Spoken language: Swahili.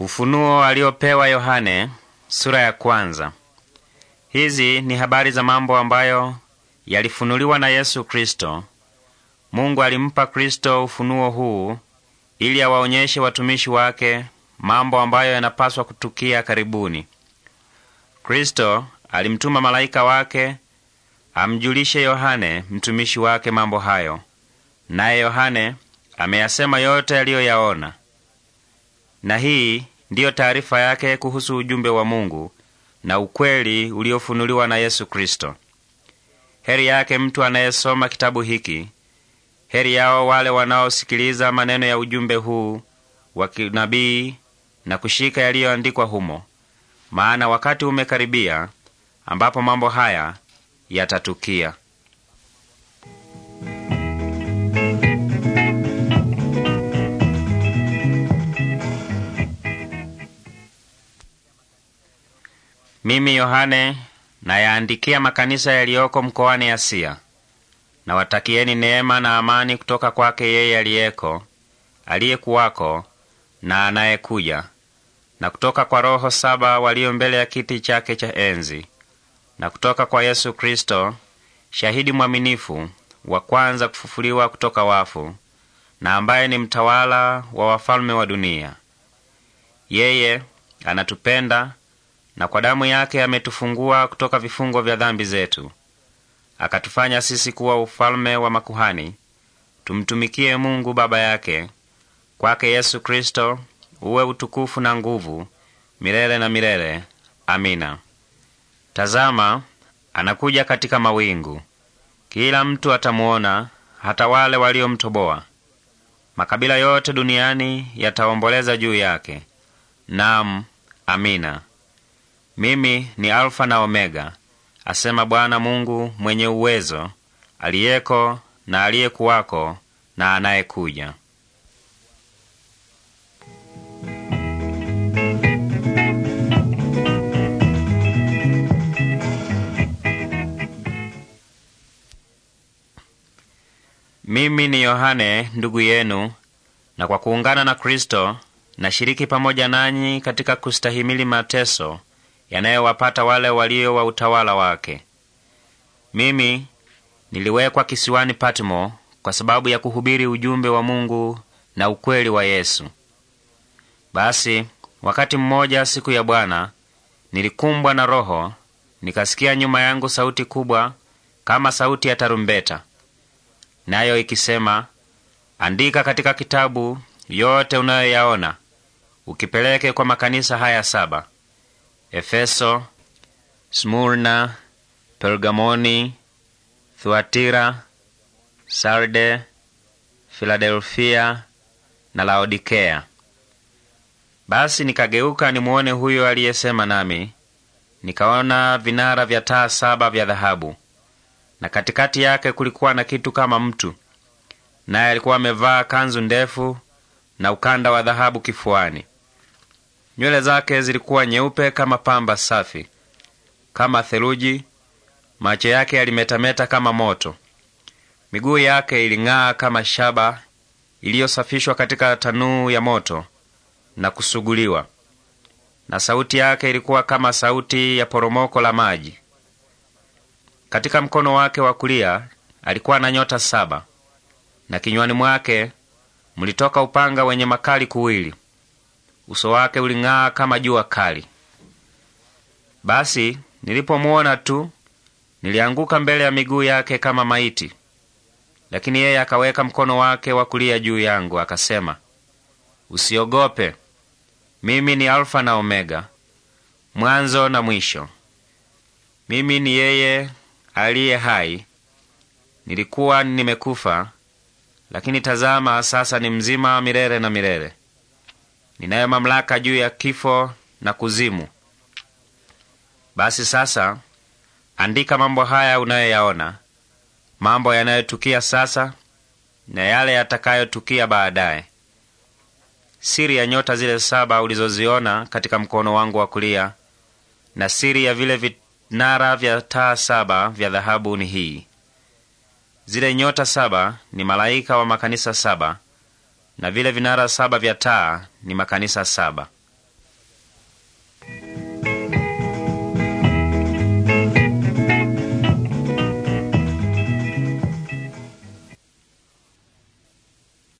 Ufunuo aliopewa Yohane sura ya kwanza. Hizi ni habari za mambo ambayo yalifunuliwa na Yesu Kristo. Mungu alimpa Kristo ufunuo huu ili awaonyeshe watumishi wake mambo ambayo yanapaswa kutukia karibuni. Kristo alimtuma malaika wake amjulishe Yohane mtumishi wake mambo hayo, naye Yohane ameyasema yote aliyoyaona. Na hii ndiyo taarifa yake kuhusu ujumbe wa Mungu na ukweli uliofunuliwa na Yesu Kristo. Heri yake mtu anayesoma kitabu hiki. Heri yao wale wanaosikiliza maneno ya ujumbe huu wa kinabii na kushika yaliyoandikwa humo, maana wakati umekaribia ambapo mambo haya yatatukia. Mimi Yohane nayaandikia makanisa yaliyoko mkoani Asia. Nawatakieni neema na amani kutoka kwake yeye aliyeko, aliyekuwako na anayekuja, na kutoka kwa Roho saba walio mbele ya kiti chake cha enzi, na kutoka kwa Yesu Kristo shahidi mwaminifu, wa kwanza kufufuliwa kutoka wafu, na ambaye ni mtawala wa wafalme wa dunia. Yeye anatupenda na kwa damu yake ametufungua kutoka vifungo vya dhambi zetu, akatufanya sisi kuwa ufalme wa makuhani, tumtumikie Mungu Baba yake. Kwake Yesu Kristo uwe utukufu na nguvu milele na milele. Amina. Tazama, anakuja katika mawingu. Kila mtu atamuona, hata wale waliomtoboa. Makabila yote duniani yataomboleza juu yake. Naam, amina. Mimi ni Alfa na Omega, asema Bwana Mungu mwenye uwezo, aliyeko na aliyekuwako na anayekuja. Mimi ni Yohane ndugu yenu, na kwa kuungana na Kristo nashiriki pamoja nanyi katika kustahimili mateso yanayowapata wale walio wa utawala wake. Mimi niliwekwa kisiwani Patmo kwa sababu ya kuhubiri ujumbe wa Mungu na ukweli wa Yesu. Basi wakati mmoja, siku ya Bwana, nilikumbwa na Roho, nikasikia nyuma yangu sauti kubwa kama sauti ya tarumbeta, nayo ikisema, andika katika kitabu yote unayoyaona, ukipeleke kwa makanisa haya saba: Efeso, Smurna, Pergamoni, Thuatira, Sarde, Filadelfia na Laodikea. Basi nikageuka nimuone huyo aliyesema nami, nikaona vinara vya taa saba vya dhahabu, na katikati yake kulikuwa na kitu kama mtu, naye alikuwa amevaa kanzu ndefu na ukanda wa dhahabu kifuani. Nywele zake zilikuwa nyeupe kama pamba safi, kama theluji. Macho yake yalimetameta kama moto. Miguu yake iling'aa kama shaba iliyosafishwa katika tanuu ya moto na kusuguliwa, na sauti yake ilikuwa kama sauti ya poromoko la maji. Katika mkono wake wa kulia alikuwa na nyota saba, na kinywani mwake mlitoka upanga wenye makali kuwili uso wake uling'aa kama jua kali. Basi nilipomuona tu nilianguka mbele ya miguu yake kama maiti, lakini yeye akaweka mkono wake wa kulia juu yangu, akasema, usiogope, mimi ni Alfa na Omega, mwanzo na mwisho. Mimi ni yeye aliye hai. Nilikuwa nimekufa, lakini tazama, sasa ni mzima milele na milele ninayo mamlaka juu ya kifo na kuzimu. Basi sasa andika mambo haya unayoyaona, mambo yanayotukia sasa na yale yatakayotukia baadaye. Siri ya nyota zile saba ulizoziona katika mkono wangu wa kulia na siri ya vile vinara vya taa saba vya dhahabu ni hii: zile nyota saba ni malaika wa makanisa saba na vile vinara saba vya taa ni makanisa saba.